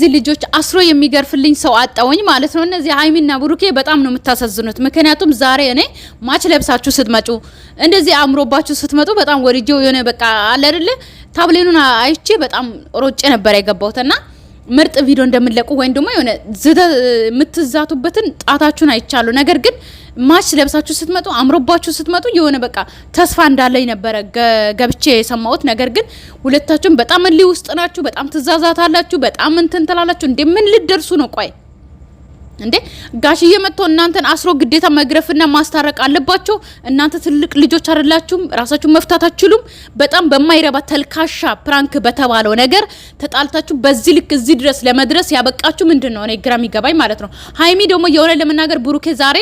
እነዚህ ልጆች አስሮ የሚገርፍልኝ ሰው አጣወኝ ማለት ነው። እነዚህ ሀይሚና ብሩኬ በጣም ነው የምታሳዝኑት። ምክንያቱም ዛሬ እኔ ማች ለብሳችሁ ስትመጡ እንደዚህ አምሮባችሁ ስትመጡ በጣም ወድጄው የሆነ በቃ አለ አይደለ ታብሌኑን አይቼ በጣም ሮጬ ነበር የገባሁትና ምርጥ ቪዲዮ እንደምንለቁ ወይም ደግሞ የሆነ የምትዛቱበትን ጣታችሁን አይቻሉ። ነገር ግን ማች ለብሳችሁ ስትመጡ አምሮባችሁ ስትመጡ የሆነ በቃ ተስፋ እንዳለኝ ነበረ ገብቼ የሰማሁት። ነገር ግን ሁለታችሁም በጣም እልህ ውስጥ ናችሁ። በጣም ትዛዛታላችሁ። በጣም እንትን ትላላችሁ። እንደምን ልደርሱ ነው? ቆይ እንዴ ጋሽዬ መጥቶ እናንተን አስሮ ግዴታ መግረፍና ማስታረቅ አለባቸው። እናንተ ትልቅ ልጆች አይደላችሁም? ራሳችሁን መፍታት አትችሉም? በጣም በማይረባ ተልካሻ ፕራንክ በተባለው ነገር ተጣልታችሁ በዚህ ልክ እዚህ ድረስ ለመድረስ ያበቃችሁ ምንድን ነው? እኔ ግራ የሚገባኝ ማለት ነው። ሀይሚ ደግሞ የሆነ ለመናገር ብሩኬ ዛሬ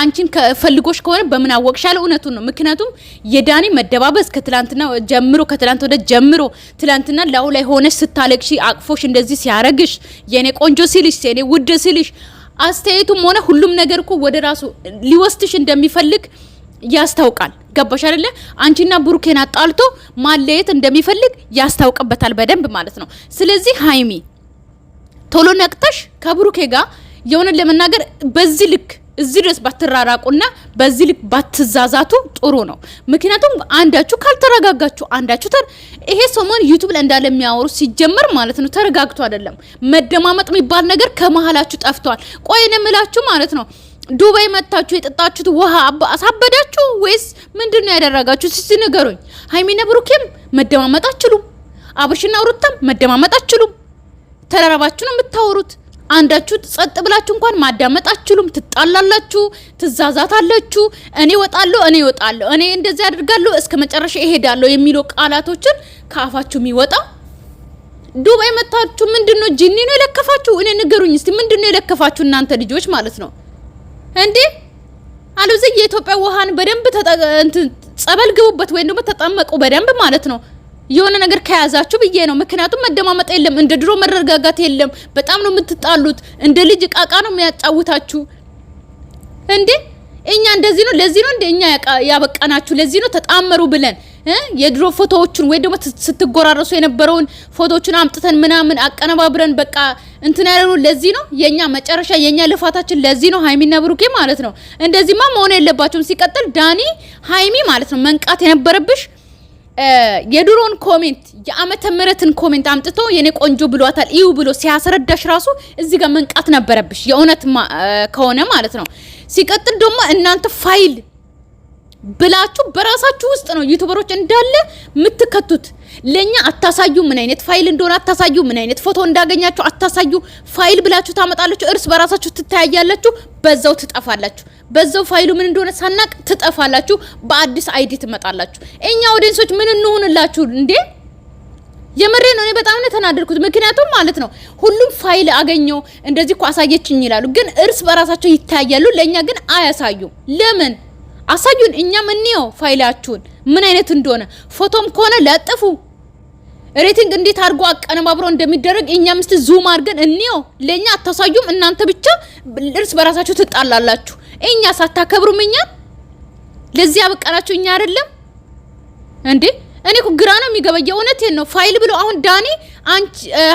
አንቺን ከፈልጎሽ ከሆነ በምን አወቅሻለ? እውነቱን ነው። ምክንያቱም የዳኒ መደባበስ ከትላንትና ጀምሮ ከትላንት ወደ ጀምሮ ትላንትና ላው ላይ ሆነሽ ስታለቅሺ፣ አቅፎሽ እንደዚህ ሲያረግሽ፣ የኔ ቆንጆ ሲልሽ፣ የኔ ውድ ሲልሽ አስተያየቱም ሆነ ሁሉም ነገር እኮ ወደ ራሱ ሊወስድሽ እንደሚፈልግ ያስታውቃል። ገባሽ አይደለ? አንቺና ብሩኬን አጣልቶ ማለየት እንደሚፈልግ ያስታውቅበታል በደንብ ማለት ነው። ስለዚህ ሀይሚ ቶሎ ነቅተሽ ከብሩኬ ጋር የሆነን ለመናገር በዚህ ልክ እዚህ ድረስ ባትራራቁና በዚህ ልክ ባትዛዛቱ ጥሩ ነው። ምክንያቱም አንዳችሁ ካልተረጋጋችሁ አንዳችሁ ተር ይሄ ሰሞን ዩቱብ ላይ እንዳለ የሚያወሩ ሲጀመር ማለት ነው ተረጋግቶ አይደለም። መደማመጥ የሚባል ነገር ከመሀላችሁ ጠፍቷል። ቆይ እኔ የምላችሁ ማለት ነው ዱባይ መታችሁ የጠጣችሁት ውሃ አሳበዳችሁ ወይስ ምንድን ነው ያደረጋችሁ? ሲሲ ንገሩኝ። ሀይሚና ብሩኬም መደማመጥ አችሉም። አብርሽና ሩታም መደማመጥ አችሉም። ተራራባችሁ ነው የምታወሩት። አንዳችሁ ጸጥ ብላችሁ እንኳን ማዳመጥ አትችሉም። ትጣላላችሁ፣ ትዛዛታላችሁ። እኔ ወጣለሁ፣ እኔ ወጣለሁ፣ እኔ እንደዚህ አድርጋለሁ፣ እስከ መጨረሻ ይሄዳለሁ የሚለው ቃላቶችን ከአፋችሁ የሚወጣ ዱባይ መታችሁ ምንድን ነው? ጂኒ ነው የለከፋችሁ? እኔ ንገሩኝ እስቲ ምንድን ነው የለከፋችሁ እናንተ ልጆች ማለት ነው እንዴ? አለበለዚያ የኢትዮጵያ ውሃን በደንብ እንትን ጸበል ግቡበት ወይም ደግሞ ተጠመቁ በደንብ ማለት ነው። የሆነ ነገር ከያዛችሁ ብዬ ነው። ምክንያቱም መደማመጥ የለም፣ እንደ ድሮ መረጋጋት የለም። በጣም ነው የምትጣሉት። እንደ ልጅ እቃቃ ነው የሚያጫውታችሁ እንዴ። እኛ እንደዚህ ነው ለዚህ ነው እንደ እኛ ያበቃናችሁ ለዚህ ነው ተጣመሩ ብለን የድሮ ፎቶዎችን ወይ ደግሞ ስትጎራረሱ የነበረውን ፎቶዎቹን አምጥተን ምናምን አቀነባብረን በቃ እንትን ያለነው ለዚህ ነው የኛ መጨረሻ የኛ ልፋታችን ለዚህ ነው ሀይሚና ብሩኬ ማለት ነው። እንደዚህማ መሆን የለባቸውም። ሲቀጥል ዳኒ ሀይሚ ማለት ነው መንቃት የነበረብሽ የድሮን ኮሜንት የአመተ ምህረትን ኮሜንት አምጥቶ የኔ ቆንጆ ብሏታል ይው ብሎ ሲያስረዳሽ ራሱ እዚህ ጋር መንቃት ነበረብሽ፣ የእውነት ከሆነ ማለት ነው። ሲቀጥል ደግሞ እናንተ ፋይል ብላችሁ በራሳችሁ ውስጥ ነው ዩቱበሮች እንዳለ የምትከቱት። ለኛ አታሳዩ፣ ምን አይነት ፋይል እንደሆነ አታሳዩ፣ ምን አይነት ፎቶ እንዳገኛችሁ አታሳዩ። ፋይል ብላችሁ ታመጣላችሁ፣ እርስ በራሳችሁ ትተያያላችሁ፣ በዛው ትጠፋላችሁ። በዛው ፋይሉ ምን እንደሆነ ሳናቅ ትጠፋላችሁ፣ በአዲስ አይዲ ትመጣላችሁ። እኛ ኦዲንሶች ምን እንሆንላችሁ እንዴ? የምሬ ነው። እኔ በጣም ነው ተናደድኩት። ምክንያቱም ማለት ነው ሁሉም ፋይል አገኘው እንደዚህ እኮ አሳየችኝ ይላሉ፣ ግን እርስ በራሳቸው ይታያሉ። ለኛ ግን አያሳዩም። ለምን? አሳዩን፣ እኛም እንየው ፋይላችሁን ምን አይነት እንደሆነ። ፎቶም ከሆነ ለጥፉ። ሬቲንግ እንዴት አድርጎ አቀነባብሮ እንደሚደረግ እኛም እስቲ ዙም አድርገን እንየው። ለእኛ አታሳዩም። እናንተ ብቻ እርስ በራሳችሁ ትጣላላችሁ። እኛ ሳታከብሩም እኛን ለዚህ ያበቃናችሁ እኛ አይደለም እንዴ? እኔ እኮ ግራ ነው የሚገበየው። እውነቴን ነው ፋይል ብሎ አሁን ዳኔ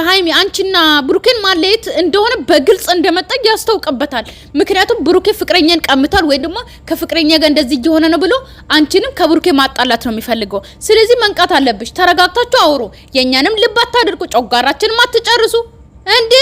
ሀይሚ አንቺና ብሩኬን ማለየት እንደሆነ በግልጽ እንደመጣ ያስታውቅበታል። ምክንያቱም ብሩኬ ፍቅረኛን ቀምቷል ወይም ደግሞ ከፍቅረኛ ጋር እንደዚህ እየሆነ ነው ብሎ አንቺንም ከብሩኬ ማጣላት ነው የሚፈልገው። ስለዚህ መንቃት አለብሽ። ተረጋግታችሁ አውሩ። የእኛንም ልብ አታድርጉ። ጮጋራችንም አትጨርሱ እንዴ